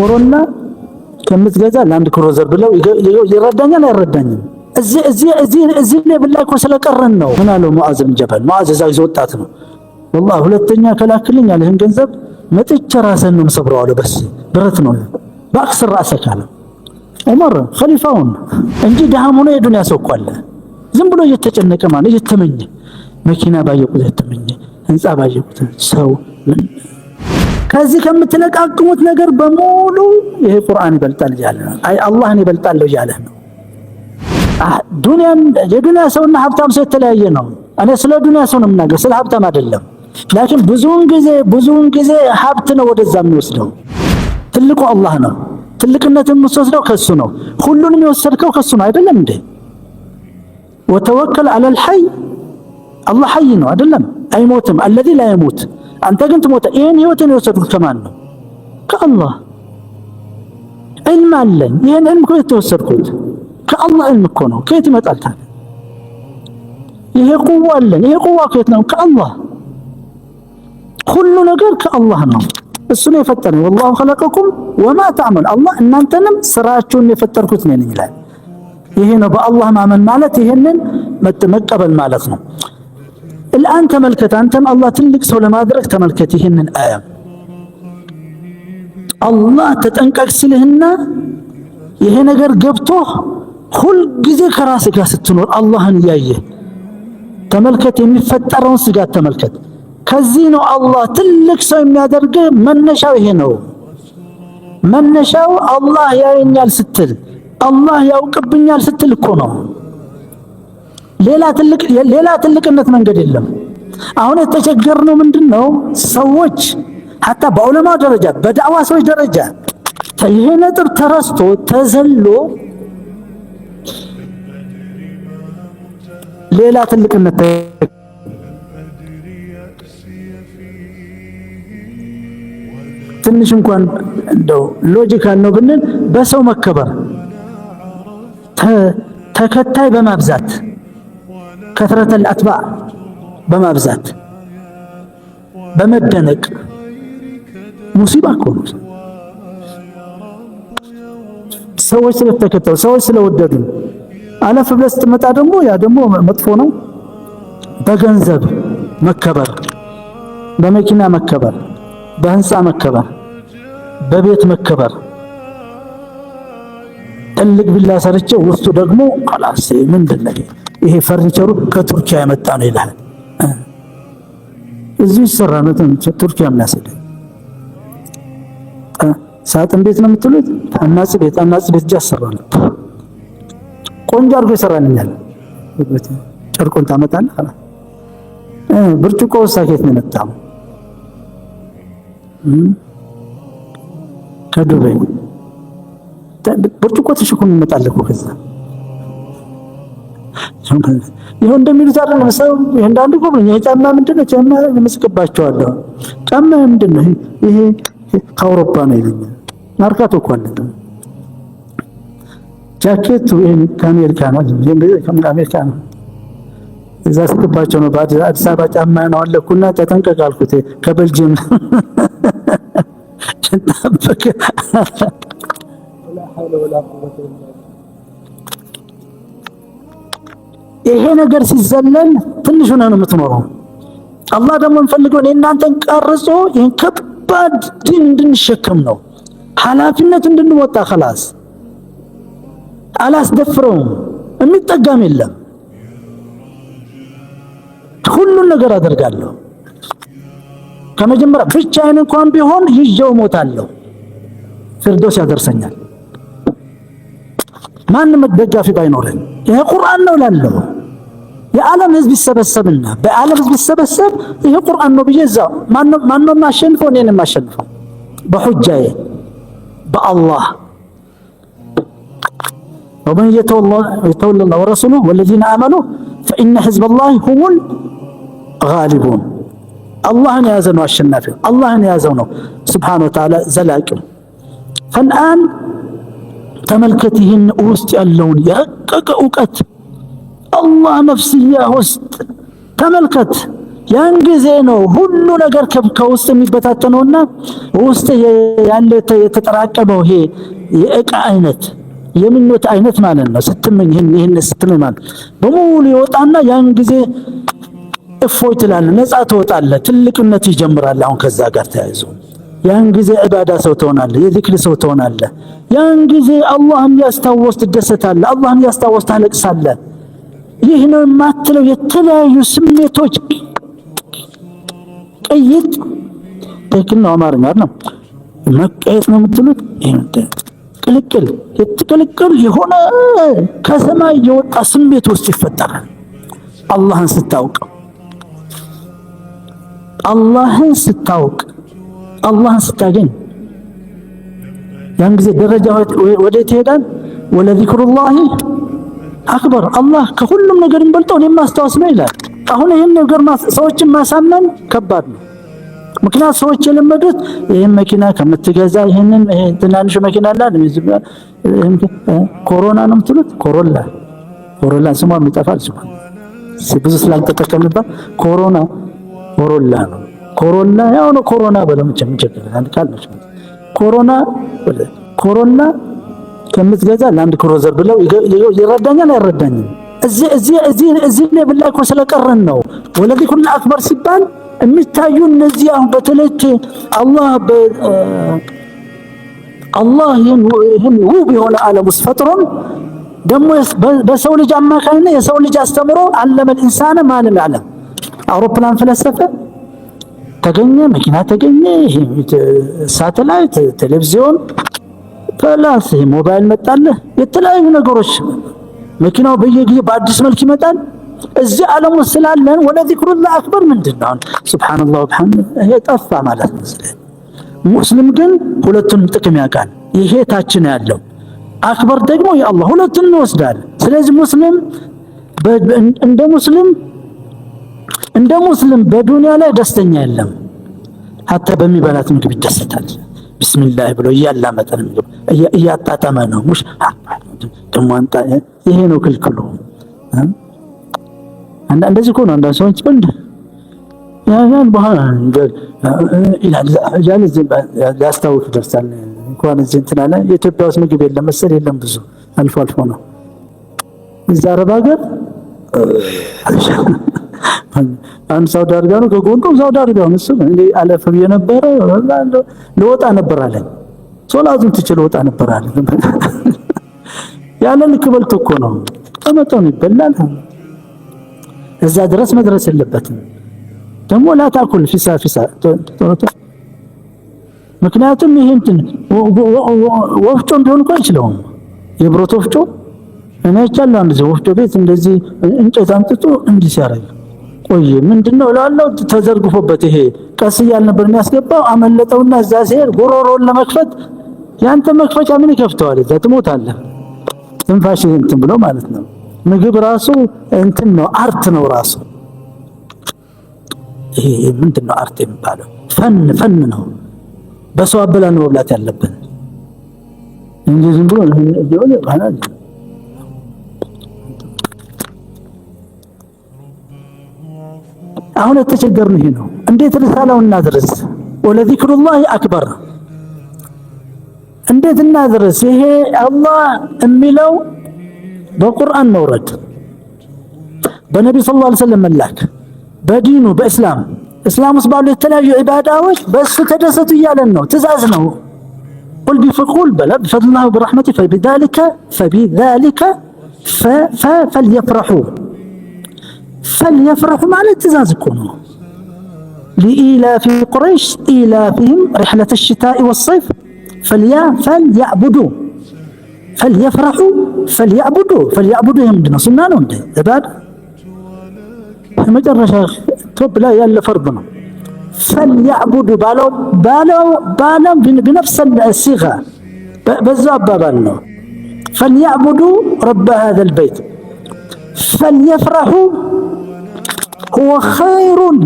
ኮሮና ከምትገዛ ላንድ ክሮዘር ብለው ይረዳኛል አይረዳኝም። እዚህ ላይ ብላ እኮ ስለቀረን ነው። ምን አለው ሙዓዝ ጀበል? ሙዓዝ እዛ ጊዜ ወጣት ነው። ወላሂ ሁለተኛ ከላክልኝ ያለህን ገንዘብ መጥቼ ራስህን ነው የምሰብረው አለው። በስ ብረት ነው በአክስር ራሰክ አለ ዑመር ኸሊፋውን እንጂ ድሃም ሆኖ የዱን ያሰኳለ ዝም ብሎ እየተጨነቀ ማለት እየተመኘ መኪና ባየቁት የተመኘ ህንፃ ባየቁት ሰው ከዚህ ከምትለቃቅሙት ነገር በሙሉ ይሄ ቁርአን ይበልጣል እያለ ነው። አይ አላህን ይበልጣል እያለ ነው። ዱንያን የዱንያ ሰውና ሀብታም ሰው የተለያየ ነው። እኔ ስለ ዱንያ ሰው ነው የምናገር፣ ስለ ሀብታም አይደለም። ላኪን ብዙውን ጊዜ ብዙውን ጊዜ ሀብት ነው ወደዛ የሚወስደው። ትልቁ አላህ ነው። ትልቅነት የምትወስደው ከሱ ነው። ሁሉንም የወሰድከው ከሱ ነው አይደለም እንዴ? ወተወከል አለል ሐይ አላህ ሐይ ነው አይደለም? አይሞትም። አለዚ ላይሞት አንተ ግን ትሞታ። ይሄን ህይወትን የወሰድኩት ከማን ነው? ከአላህ ዕልም አለኝ። ይህን ዕልም ከየት ተወሰድኩት? ከአላህ ዕልም እኮ ነው። ከየት ይመጣል ታዲያ? ይሄ ቁዋ አለን። ይሄ ቁዋ ከየት ነው? ከአላህ። ሁሉ ነገር ከአላህ ነው። እሱ ነው የፈጠረኝ። ወላሁ ኸለቀኩም ወማ ተዕመል፣ አላህ እናንተንም ስራችሁን የፈጠርኩት ነኝ ይላል። ይሄ ነው በአላህ ማመን ማለት፣ ይህንን መቀበል ማለት ነው። الآن تملكت أنتم الله تلك سو لما أدرك تملكتهن الآية الله تتنكك سلهن ይሄ ነገር ገብቶ ሁልጊዜ ከራስ ጋር ስትኖር አላህን እያየ ተመልከት፣ የሚፈጠረውን ስጋት ተመልከት። ከዚህ ነው አላህ ትልቅ ሰው የሚያደርግ መነሻው ይሄ ነው። መነሻው አላህ ያየኛል ስትል፣ አላህ ያውቅብኛል ስትል እኮ ነው። ሌላ ትልቅ ሌላ ትልቅነት መንገድ የለም። አሁን የተቸገርነው ምንድን ነው? ሰዎች ሀታ በዑለማ ደረጃ በዳዕዋ ሰዎች ደረጃ ይሄ ነጥብ ተረስቶ ተዘሎ ሌላ ትልቅነት ትንሽ እንኳን እንደው ሎጂካል ነው ብንል በሰው መከበር ተከታይ በማብዛት ከትረተል አትባ በማብዛት በመደነቅ ሙሲባ ከሆኑ ሰዎች ስለተከተሉ ሰዎች ስለወደዱ አለፍ ብለህ ስትመጣ ደግሞ ያ ደግሞ መጥፎ ነው። በገንዘብ መከበር፣ በመኪና መከበር፣ በህንፃ መከበር፣ በቤት መከበር ትልቅ ቢላ ሰርቼ ውስጡ ደግሞ አላሴ ምንድን ነው ይሄ ፈርኒቸሩ ከቱርኪያ የመጣ ነው ይላል። እዚሁ ይሰራ ነው ቱርኪያ ምናሰደ ሳጥን ቤት ነው የምትሉት። አናጽ ቤት አናጽ ቤት እጃ ሰራ ነው ቆንጆ አድርጎ ይሰራልኛል። ጨርቆን ታመጣለህ። ብርጭቆ ሳኬት ነው የመጣው ከዱበይ ብርጭቆ ተሽኩን እንመጣለህ ከዛ ይኸው እንደሚሉት አይደለም። ሰው ይሄ እንዳንዱ ጎብኝ ይሄ ጫማ ምንድን ነው? ጫማ የምስቅባቸዋለሁ። ጫማ ምንድን ነው? ይሄ ከአውሮፓ ነው ይለኛል። ማርካቶ እኮ አለ። ጃኬቱ ይሄ ከአሜሪካ ነው፣ ከአሜሪካ ነው። እዛ ስቅባቸው ነው። በአዲስ አበባ ጫማ ነው አለኩና ተጠንቀቅ አልኩት። ከበልጅየም ጠብቅ ይሄ ነገር ሲዘለን ትንሽ ሆነ ነው የምትኖረው። አላህ ደግሞ የምፈልገው እናንተን ቀርጾ ይህን ከባድ ዲን እንድንሸከም ነው፣ ኃላፊነት እንድንወጣ። ከላስ አላስደፍረውም፣ የሚጠጋም የለም። ሁሉን ነገር አደርጋለሁ። ከመጀመሪያ ብቻዬን እንኳን ቢሆን ይዤው እሞታለሁ፣ ፍርዶስ ያደርሰኛል። ማንም ደጋፊ ባይኖረን ይሄ ቁርአን ነው ላለው የዓለም ህዝብ ይሰበሰብና በዓለም ህዝብ ይሰበሰብ ይሄ ቁርአን ነው ብዬ እዛው ማነው ማሸንፈው? እኔን ማሸንፈው በሑጃዬ በአላህ ومن يتولى الله ورسوله والذين آمنوا فإن حزب الله هم الغالبون አላህን የያዘ ነው አሸናፊው፣ አላህን የያዘው ነው ስብሓነ ወተዓላ ዘላቂው። ፈንአን ተመልከት ይህን ውስጥ ያለውን የረቀቀ እውቀት አላህ ነፍስያ ውስጥ ተመልከት። ያን ጊዜ ነው ሁሉ ነገር ከውስጥ የሚበታተነውና ውስጥ ያለ የተጠራቀመው ይሄ የእቃ አይነት የምኞት አይነት ማለት ነው። ስትመኝ ይህን ስትመኝ ማለት በሙሉ ይወጣና ያን ጊዜ እፎይ ትላለህ፣ ነፃ ትወጣለህ፣ ትልቅነት ይጀምራል። አሁን ከዛ ጋር ተያይዞ ያን ጊዜ ዕባዳ ሰው ትሆናለህ፣ የዚክር ሰው ትሆናለህ። ያን ጊዜ አላህን ያስታወስ ትደሰታለህ፣ አላህን ያስታወስ ታለቅሳለህ። ይህ ነው የማትለው የተለያዩ ስሜቶች ቅይጥ ትክክል ነው። አማርኛ ነው መቀየጥ ነው የምትሉት። ይሄን ቅልቅል የትቅልቅል የሆነ ከሰማይ የወጣ ስሜት ውስጥ ይፈጠራል። አላህን ስታውቅ አላህን ስታውቅ አላህን ስታገኝ ያን ጊዜ ደረጃ ወዴት ይሄዳል? ወለዚክሩላሂ አክበር አላህ ከሁሉም ነገር የሚበልጠው እኔን ማስታወስ ነው ይላል። አሁን ይህን ነገር ሰዎችን ማሳመን ከባድ ነው። ምክንያት ሰዎች የለመዱት ይህን መኪና ከምትገዛ ይህንን ትናንሽ መኪና ላል ኮሮና ነው ምትሉት ኮሮላ ኮሮላ ስሟ የሚጠፋል ብዙ ስላልተጠቀምንባት ኮሮና ኮሮላ ነው። ኮሮና ያው ነው። ኮሮና በለው መቼም አንድ ቃል ነች። ኮሮና ኮሮና ከምትገዛ ለአንድ ክሮዘር ብለው ይረዳኛል አይረዳኝም። እዚህ እዚህ እዚህ እዚህ ላይ ብላ እኮ ስለቀረን ነው። ወለዚህ ሁሉ አክበር ሲባል የሚታዩ እነዚህ አሁን በተለይ አላህ አላህ ይህን ውብ የሆነ ዓለም ውስጥ ፈጥሮን ደግሞ በሰው ልጅ አማካኝነት የሰው ልጅ አስተምሮ አለመል ኢንሳነ ማለም ያለም አውሮፕላን ፈለሰፈ ተገኘ፣ መኪና ተገኘ፣ ሳተላይት፣ ቴሌቪዥን ፕላስ ይሄ ሞባይል መጣለ የተለያዩ ነገሮች መኪናው በየጊዜ በአዲስ መልክ ይመጣል። እዚህ ዓለም ውስጥ ስላለን ወለ ዚክሩላህ አክበር ምንድን ነው ሱብሓነላህ ወብሐምድ ጠፋ ማለት ነው። ሙስሊም ግን ሁለቱንም ጥቅም ያውቃል። ይሄ ታችን ያለው አክበር ደግሞ የአላህ ሁለቱን እንወስዳለን። ስለዚህ ሙስሊም እንደ ሙስሊም እንደ ሙስሊም በዱንያ ላይ ደስተኛ የለም። ሀታ በሚበላት ምግብ ይደሰታል። ቢስሚላህ ብሎ እያላመጠ ነው ምግብ እያጣጠመ ነው። ሙሽ ደሞንጣ ይሄ ነው ክልክሉ። እንደዚህ ከሆነ አንዳንድ ሰዎች ወንድ ያን በኋላ ሊያስታውቅ ይደርሳል። እንኳን እዚህ የኢትዮጵያ ውስጥ ምግብ የለም መሰል የለም ብዙ አልፎ አልፎ ነው። እዛ አረብ ሀገር አንድ ሳውዲ አረቢያ ነው ከጎንዶም ሳውዲ አረቢያ ነው እሱ እንደ አለፈ የነበረ ለወጣ ነበር አለኝ። ሶላቱን ትችል ወጣ ነበር አለኝ። ያለ ልክ በልቶ እኮ ነው ከመጠኑ ይበላል። እዛ ድረስ መድረስ የለበትም። ደግሞ ላታኩል ፊሳ ፊሳ ምክንያቱም ይሄ እንትን ወፍጮ ቢሆን እኮ አይችለውም። የብረት ወፍጮ እኔ ይቻለሁ አንድ ወፍጮ ቤት እንደዚህ እንጨት አምጥቶ እንዲህ ሲያረግ ቆይ ምንድነው እላለሁ። ተዘርግፎበት ይሄ ቀስ እያል ነበር የሚያስገባው አመለጠውና እዛ ሲሄድ ጉሮሮን ለመክፈት ያንተ መክፈቻ ምን ይከፍተዋል? እዛ ትሞታለህ። ትንፋሽ እንትን ብሎ ማለት ነው። ምግብ ራሱ እንትን ነው፣ አርት ነው ራሱ። ይሄ ምንድን ነው አርት የሚባለው? ፈን ፈን ነው። በሰው አበላ ነው መብላት ያለብን እንጂ ዝም ብሎ ይሄ አሁን የተቸገርን ይሄ ነው። እንዴት ርሳለው እናድርስ? ወለዚክሩ ላህ አክበር እንዴት እናድርስ? ይሄ አላህ የሚለው በቁርአን መውረድ፣ በነቢ ሰለላሁ ዐለይሂ ወሰለም መላክ፣ በዲኑ በእስላም እስላም ውስጥ ባሉ የተለያዩ ዒባዳዎች በእሱ ተደሰቱ እያለን ነው። ትእዛዝ ነው። ቁል ቢፍቁል በለ ብፈድላሁ ብራሕመቲ ፈቢዛሊከ ፈቢዛሊከ ፈልየፍረሑ فليفرحوا مع الاهتزاز كونوا لإيلاف قريش إيلافهم رحلة الشتاء والصيف فليعبدوا فليفرحوا فليعبدوا فليعبدوا يمدنا سنان ونده عباد مجرى شيخ توب لا يلا فرضنا فليعبدوا بالو بالو بالو بنفس الصيغة بزو بالنا فليعبدوا رب هذا البيت فليفرحوا ወኸይሩን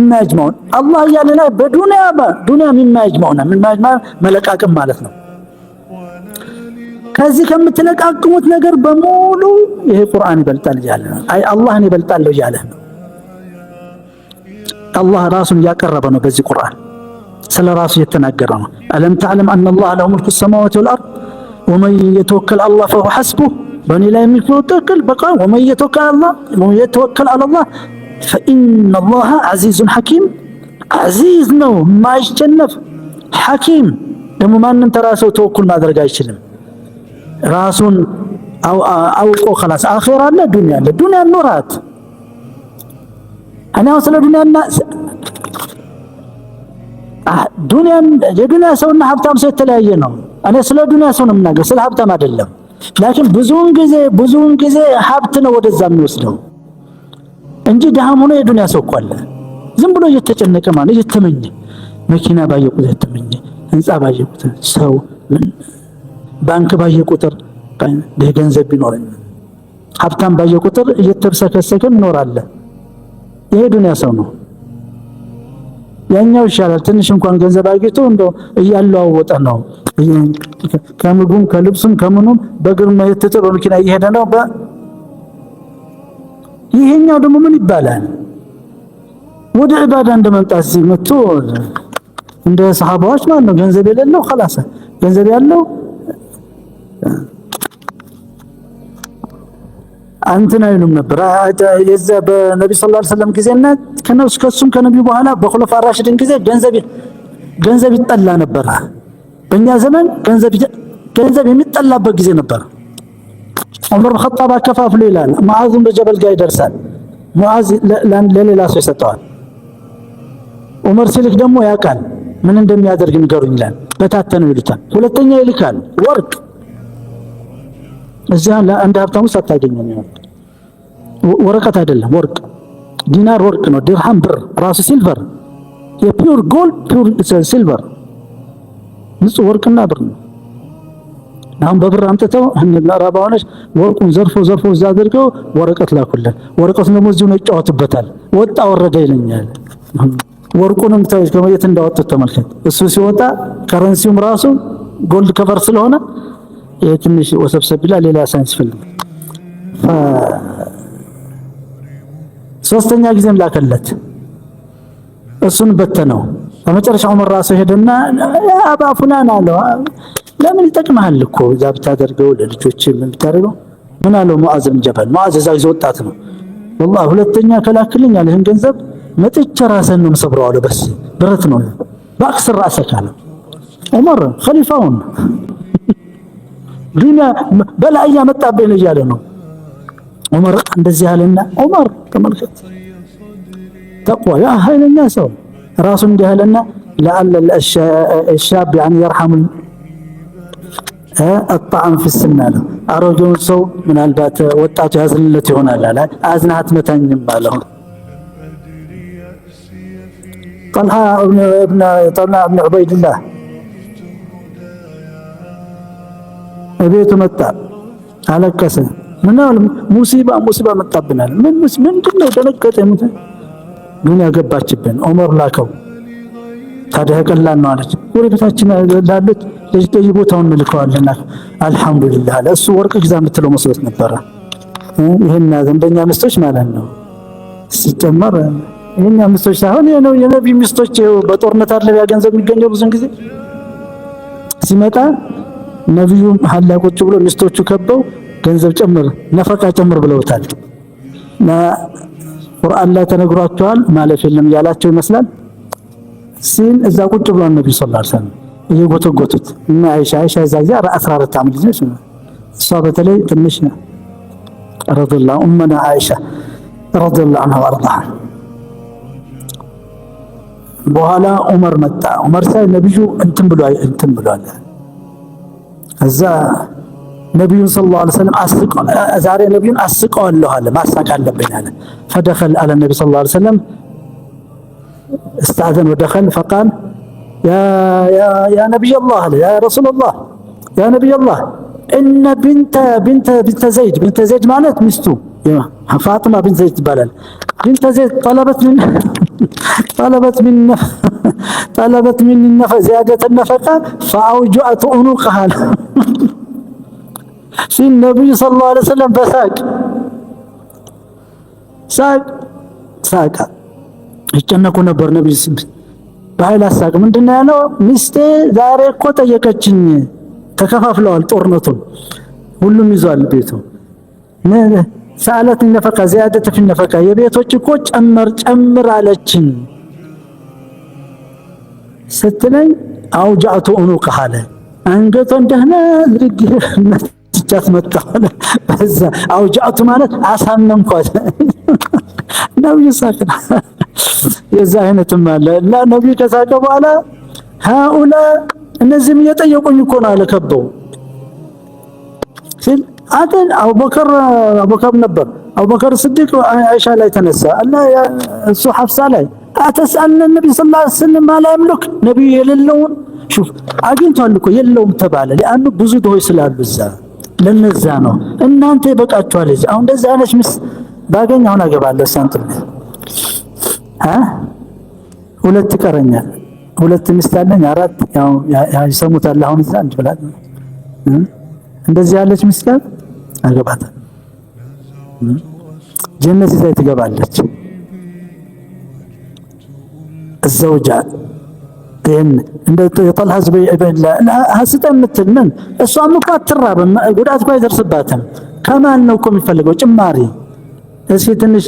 ሚማ የጅመዑን አላህ እያለ ላይ በዱንያ ዱንያ ሚማ የጅመዑን መለቃቅም ማለት ነው። ከዚህ ከምትለቃቅሙት ነገር በሙሉ ይሄ ቁርአን ይበልጣል እያለ ነው። አይ አላህን ይበልጣለሁ እያለ ነው። አላህ ራሱን እያቀረበ ነው። በዚህ ቁርአን ስለ ራሱ እየተናገረ ነው። አለም ተዕለም አነ አላህ ለሁ ሙልኩ ሰማዋት ወልአርድ ወመን የተወከል አላህ ፈሁ ሐስቡህ በእኔ ላይ የሚል በቃ ወመን የተወከል አላህ ፈኢነላሃ አዚዙን ሐኪም አዚዝ ነው የማይሸነፍ ሐኪም ደግሞ ማንም ተራ ሰው ተወኩል ማድረግ አይችልም። ራሱን አውቆ ከላስ አኼራ አለ፣ ዱንያ አለ። ዱንያ ኖራት እኔ አሁን ስለ ዱንያና ዱንያን የዱንያ ሰውና ሀብታም ሰው የተለያየ ነው። እኔ ስለ ዱንያ ሰው ነው የምናገር፣ ስለ ሀብታም አይደለም። ላኪን ብዙውን ጊዜ ብዙውን ጊዜ ሀብት ነው ወደዛ የሚወስደው እንጂ ድሃም ሆኖ የዱንያ ሰው እኮ አለ። ዝም ብሎ እየተጨነቀ ማለት እየተመኘ መኪና ባየ ቁጥር የተመኘ ህንፃ ባየ ቁጥር ሰው ባንክ ባየ ቁጥር ገንዘብ ቢኖረኝ ሀብታም ባየ ቁጥር እየተብሰከሰከም ይኖራል። ይሄ ዱንያ ሰው ነው። ያኛው ይሻላል። ትንሽ እንኳን ገንዘብ አግኝቶ እንዶ እያለዋወጠ ነው። ከምግቡም ከልብሱም ከምኑም በእግር መሄድ ትቶ በመኪና እየሄደ ነው። ይሄኛው ደግሞ ምን ይባላል? ወደ ዕባዳ እንደመምጣት እዚህ መጥቶ እንደ ሰሃባዎች ማለት ነው። ገንዘብ የሌለው ኸላሰ ገንዘብ ያለው እንትን አይሉም ነበር። የዛ በነቢ ሰለላሁ ዐለይሂ ወሰለም ጊዜና ከነሱ ከሱም ከነቢዩ በኋላ በኹለፋ ራሽድን ጊዜ ገንዘብ ገንዘብ ይጠላ ነበር። በእኛ ዘመን ገንዘብ ገንዘብ የሚጠላበት ጊዜ ነበር። ዑመር ኸጣብ አከፋፍሎ ይላል። ሙዓዝን በጀበል ጋር ይደርሳል። ሙዓዝ ለሌላ ሰው ይሰጠዋል። ዑመር ሲልክ ደግሞ ያውቃል። ምን እንደሚያደርግ ንገሩኝ ይላል። በታተነው ይሉታል። ሁለተኛ ይልካል ወርቅ። እዚያ እንደ ሀብታም ውስጥ ወረቀት አይደለም ወርቅ። ዲናር ወርቅ ነው። ድርሃም ብር ራሱ ሲልቨር፣ የፒውር ጎልድ ፒውር ሲልቨር፣ ንጹህ ወርቅና ብር ነው። አሁን በብር አምጥተው ራባ ሆነች ወርቁን ዘርፎ ዘርፎ እዛ አድርገው ወረቀት ላኩልን። ወረቀቱን ደግሞ እዚሁ ነው ይጫወትበታል። ወጣ ወረደ ይለኛል። ወርቁንም ታይ ከመሬት እንዳወጡት ተመልከት። እሱ ሲወጣ ከረንሲውም ራሱ ጎልድ ከቨር ስለሆነ ይሄ ትንሽ ወሰብሰብ ይላል። ሌላ ሳይንስ ፊልም ሶስተኛ ጊዜም ላከለት እሱን በተነው። በመጨረሻው ዑመር ራሱ ሄደና አባ ፉላን አለው ለምን ይጠቅምሃል እኮ እዛ ብታደርገው ለልጆች ምን ብታደርገው። ምን አለው ሙዓዝ ብን ጀበል? ሙዓዝ እዛ ይዞ ወጣት ነው። ወላሂ ሁለተኛ ከላክልኝ አለ ገንዘብ መጥቼ ራስህን ነው የምሰብረው አለው። በስ ብረት ነው በአክስር ራሰክ አለ ዑመር ኸሊፋውን ዱንያ በላይ ያመጣብህ እያለ ነው ዑመር እንደዚህ አለና ዑመር ተመልከት ተቅዋ ያ ኃይለኛ ሰው ራሱ እንዲህ አለና ለአለ الشاب يعني يرحم አጣዕም ፍስና አለ። አሮጌውን ሰው ምናልባት ወጣቱ ያዝንለት ይሆናል አለ። አዝነህ አትመታኝም አለሁ። ጠልሃ እብን ዑበይድላህ እቤቱ መጣ፣ አለቀሰ። ምናል ሙሲባ ሙሲባ መጣብናል። ምን ምንድን ነው? ደነገጠ። ግን ያገባችብን ዑመር ላከው ታዲያ ቀላል ነው አለች። ጎረቤታችን ላለች ልጅ ቦታውን እንልከዋለን። አልሐምዱሊላህ አለ። እሱ ወርቅ ግዛ የምትለው መስሎት ነበረ። ይሄን እንደኛ ሚስቶች ማለት ነው ሲጨመር የኛ ሚስቶች ሳይሆን ይሄ ነው የነቢ ሚስቶች። በጦርነት አለቢያ ገንዘብ የሚገኘው ብዙን ጊዜ ሲመጣ ነቢዩ ሀላ ቁጭ ብሎ ሚስቶቹ ከበው ገንዘብ ጨምር፣ ነፈቃ ጨምር ብለውታል። ቁርአን ላይ ተነግሯቸዋል ማለፍ የለም ያላቸው ይመስላል። ሲል እዛ ቁጭ ብሎ ነቢ ስ ላ ሰለም እየጎተጎቱት እና አይሻ አይሻ እዛ ጊዜ አስራ አራት ዓመት ልጅ ነች። እሷ በተለይ ትንሽ ረዲላ እመና አይሻ ረዲላ አንሃ አርዳ በኋላ ዑመር መጣ። ዑመር ሳይ ነቢዩ እንትን ብሏል እንትን ብሏል። እዛ ነቢዩን ሰለላሁ ዐለይሂ ወሰለም ዛሬ ነቢዩን አስቀዋለሁ አለ ማሳቅ አለብኝ አለ። ፈደኸል አለ ነቢ ሰለላሁ ዐለይሂ ወሰለም استأذن ودخل فقال يا يا يا نبي الله يا رسول الله يا نبي الله إن بنت بنت بنت زيد بنت زيد مالت مستو فاطمة بنت زيد بلال بنت زيد طلبت من طلبت من طلبت من النف... زيادة النفقة فأوجعت أنوقها في النبي صلى الله عليه وسلم فساق ساق ساق ይጨነቁ ነበር። ነብዩ በኃይል አሳቅ ምንድነው ያለው? ሚስቴ ዛሬ እኮ ጠየቀችኝ። ተከፋፍለዋል ጦርነቱን፣ ሁሉም ይዟል ቤቱ ሰአለት ነፈቃ ዚያደት ፊ ነፈቃ የቤቶች እኮ ጨመር ጨምር አለችኝ ስትለኝ አውጃቱ ኡኑ አለ አንገቷን ደህና ዝርግ መትቻት መጣለ በዛ አውጃቱ ማለት አሳመምኳት ነብዩ ሳቅ የዛ አይነትም አለ እና ነብዩ ከሳቀ በኋላ ሃኡላ እነዚህም እየጠየቁኝ እኮ ነው አለ ከበው ሲል አተን አቡበከር አቡበከር ነበር አቡበከር ስዲቅ አይሻ ላይ ተነሳ እና እሱ ሐፍሳ ላይ አተስአልነ ነቢ ስ ላ ስለም ማላ ያምልክ ነቢዩ የሌለውን ሹፍ አግኝቷል እኮ የለውም ተባለ ሊአኑ ብዙ ድሆች ስላሉ እዛ ለነዛ ነው እናንተ ይበቃችኋል አሁን እንደዚህ አይነት ምስ ባገኝ አሁን አገባለሁ ሳንት ሁለት ይቀረኛል። ሁለት ሚስት አለኝ አራት ይሰሙታል። አሁን ይዛ አንድ ብላ እንደዚህ ያለች ሚስት ጋር አገባታል። ጀነት ይዛ ትገባለች። እዘውጃ ይህን እንደ የጠልሃ ሐስጠ የምትል ምን እሷም እኮ አትራብም፣ ጉዳት እኮ አይደርስባትም። ከማን ነው እኮ የሚፈልገው ጭማሪ? እስኪ ትንሽ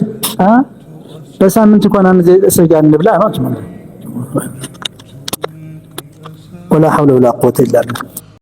በሳምንት እንኳን አንድ ስጋ እንብላ ነው ወላ ሐውለ ወላ ቁወተ ኢላ ቢላህ